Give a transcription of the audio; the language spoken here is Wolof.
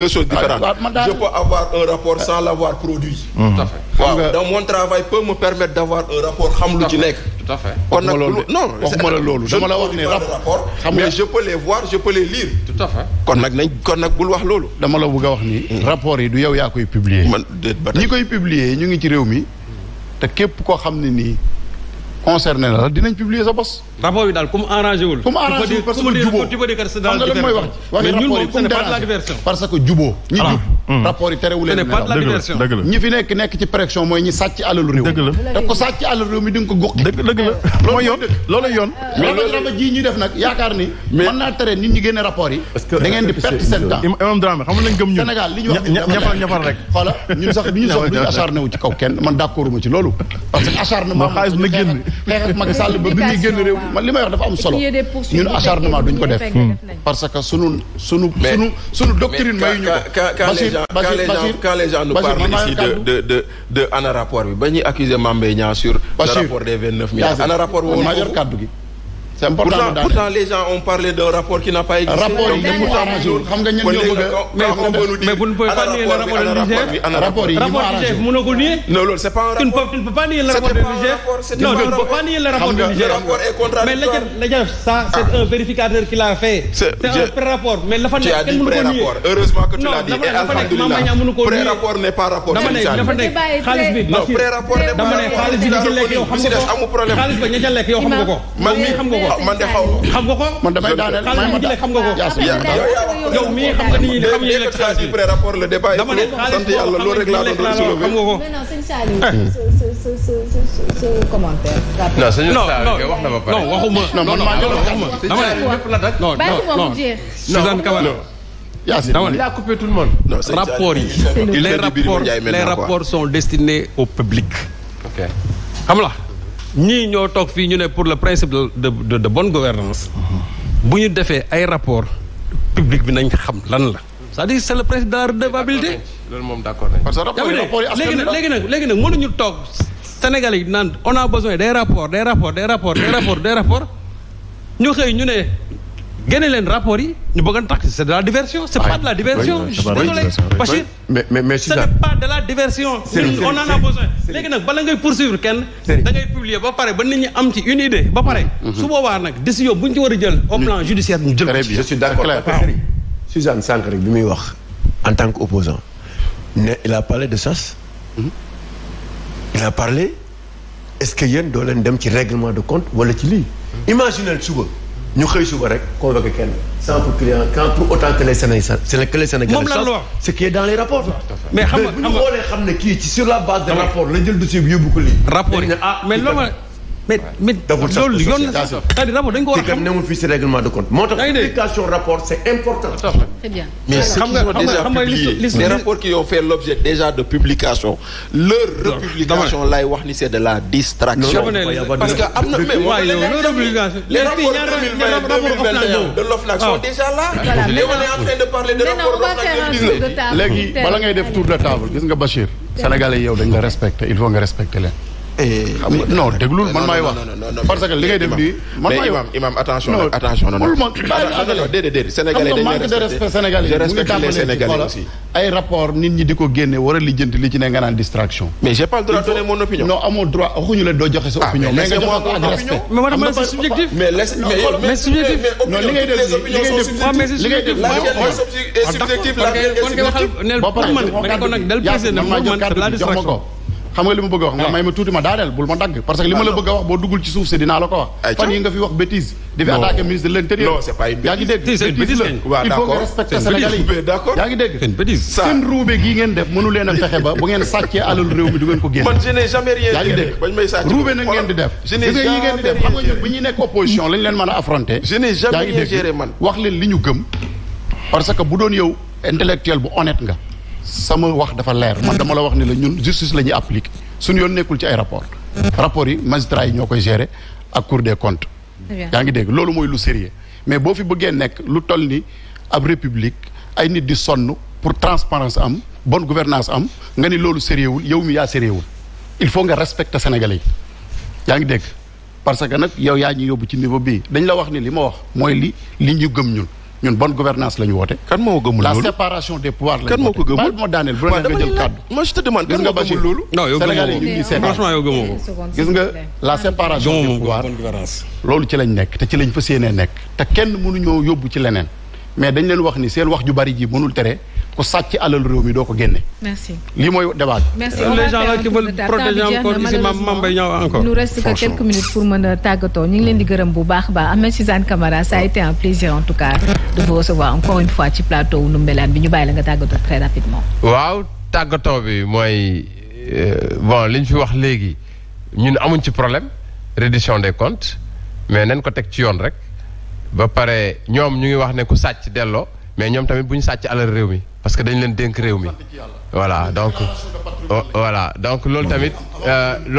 deux choses différentes je peux avoir un rapport sans l'avoir produit. permettre d'avoir un rapport xam ci nekk. tout à kon nag non waxuma loolu dama la wax ne rapport mais je peux les voir je peux kon nag nañ kon nag bul wax loolu. dama la bëgg a wax ni. rapport yi du yow yaa koy publier. man ñi koy publier ñu ngi ci réew mi. te képp koo xam ne nii. concerné la dinañ publier sa bos. rapport bi daal comme arrangé wul. comme arrangé wul parce que jubóo xam nga lan mooy wax. mais ñun Mm. rapport yi terewuleen dëgg la ñi fi nekk nekk ci pression mooy ñi sàcc alalu réew dëgg ko sàcc alalu réew mi di nga ko goqi loolu parce que acharnement xaalis na génn ko parce que sunu sunu mayuñu ko gens quand les gens quand gens nous parlent ici de de ana rapport bi ba ñuy accuser Mame Mbaye Niang sur le rapport des vingt neuf milliards ana rapport boobu major gi c'est important pourtant, pourtant les gens ont parlé d'un rapport qui n'a pas existé. rapport yi yëpp a amatul xam nga ñun ñoo bëgg a. mais mais vous ne pouvez pas nier le rapport de l'IGF. rapport yi yëpp a amatul rapport mënoo ko nier. non loolu c'est pas un rapport. tu ne peux tu ne peux pas nier le rapport de l'IGF. non tu ne peux pas nier le rapport de l'IGF. mais la ca la ca ça ah. c'est un vérificateur qui l'a fait. c'est un pré-rapport mais la fa nekk kenn mënu ko nier. heureusement que tu l'as dit et alhamdulillah pré-rapport n'est pas rapport. dama ne dafa nekk xaalis bi. non pré-rapport n'est pas rapport. dama ne xaalis bi ñu ci lekk yow xam nga ko xaalis ba ñu ca lekk yow xam nga ko. man mii xam nga ko. man de xaw xam nga ko. man damay daaneel xam nga ko. yow mii xam nga ni xam ngeen xaalis bi rapport le débat dama ne sant yàlla loolu rek laa doon soulevé xam nga ko. non sëñ Saliou commentaire. non sëñ Saliou wax na ba pare. non waxuma non man maa jox la dama ne lépp la dak. non non Suzanne Kamara Yacine il a coupé tout le monde. rapport yi les rapports les rapports sont destinés au public. ok xam la ñii ñoo toog fii ñu ne pour le principe de de de gouvernance bu ñu defee ay rapport public bi nañ xam lan la c'est-à-dire c'est loolu moom d'accord nañ parce que rapport léegi nag léegi nag léegi nag mënuñu toog Sénégalais yi naan on a besoin des rapports des rapports des rapports des rapports des rapports ñu xëy ñu ne génne leen rapport yi ñu bëgg a tax c' de la diversion c' pas de la diversion. je suis désolé Bachir. mais mais mais n' est pas de la diversion. a besoin léegi nag bala ngay poursuivre kenn. da publier ba pare ba nit ñi am ci une idée ba pare. Mhm. su boobaa nag décision bu ñu ci war a jël au plan judiciaire ñu jël. je suis d' accord bi muy wax en tant que opposant ne il a parlé de sas mhm. il a parlé est ce que yéen doo leen dem ci règlement de compte wala ci lii. Mhm. imaginez suba. ñu xëy suba rek convoqué kenn sans pour client quand pour autant que les Sénégalais que les Sénégalais savent ce qui est dans les rapports. mais xam nga bu ñu xam ne kii ci sur la base. de rapport la jël dossier bi yóbbu ko lii. rapport yi ah mais mais loolu yoon na c'est-à-dire rapport dañ ko war a xam newul fii si règlement de compte moo tax publication rapport c'est important très bien mais ceux qui ont déjà publié les rapports qui ont fait l'objet déjà de publication leur republication lay wax ni c'est de la distraction parce que am na les rapports 2020 2021 de l'OFNAC sont ah. déjà là on est en train de parler de rapport léegi bala ngay def tour de table gis nga Bachir sénégalais yow dañ la respecté il faut nga respecté leen non déglul man maay wax parce que li ngay def di man maay wax imam attention attention non non déedéet déedéet sénégalais dañu manque de respect sénégalais je respecte les sénégalais aussi ay rapport nit ñi di ko génne war a lijjanti li ci ne nga naan distraction mais j'ai pas le droit de donner mon opinion non amoo droit waxuñu la doo joxe sa opinion mais nga joxe ko ak respect mais moo tax ma c'est subjectif mais mais subjectif non li ngay def li ngay def la subjectif la ba pare man ko nag dal président man la distraction xam nga li ma bëgg a wax nga ah. may ma tuuti ma daaneel bul ma dagg parce que li ma la ah, bëgg a wax boo duggul ci suuf si dinaa la ko wax fan yi nga fi wax bêtise di fi attaqué ministre de l'intérieur yaa yi yaa ngi def ruube nag ngeen di def gis nga ngeen di def wax leen li ñu gëm parce que bu doon yow intellectuel bu honnête nga sama wax dafa leer man dama la wax ni la ñun justice la ñuy appliquer suñu yoon nekkul ci ay rapport rapport yi magistrat yi ñoo koy gérer ak cour des comptes yaa ngi dégg loolu mooy lu sérieux mais boo fi bëggee nekk lu toll ni ab république ay nit di sonn pour transparence am bon gouvernance am nga ni loolu sérieux wul yow mi yaa sérieux il faut nga respecter sénégalais yi yaa ngi dégg parce que nag yow yaa ñu yóbbu ci niveau bi dañ la wax ni li ma wax mooy li li ñu gëm ñun ñun bon gouvernance la ñu woote. kan moo gëmul loolu la séparation des pouvoirs la ñu woote. kan moo ko gëmul baal ma daaneel bu la nga jël kàddu. moi je loolu. non yow gëmoo ko gis la séparation loolu ci lañ nekk te ci lañ fa yéenee nekk. te kenn mënuñoo yóbbu ci leneen mais dañ leen wax ni seen wax ju bari ji mënul tere ku sàcc alal réew mi doo ko génne. li mooy débat bi. merci euh, les gens là qui veulent protéger encore ici Mame pour mën a tàggatoo ñu leen di gërëm bu baax a baax Ahmed Suzanne Camara ça a été un plaisir en tout cas de vous recevoir encore une fois ci plateau wu Ndoumbelane bi ñu bàyyi la nga tàggatoo très rapidement. waaw tàggatoo bi mooy euh, bon li ñu fi wax léegi ñun amuñ ci problème reddition des comptes mais nañ ko teg ci yoon rek ba pare ñoom ñu ngi wax ne ku sàcc delloo. mais ñoom tamit bu ñu sàcc alal réew mi parce que dañ leen dénk réew mi voilà donc oh, voilà donc loolu tamit euh,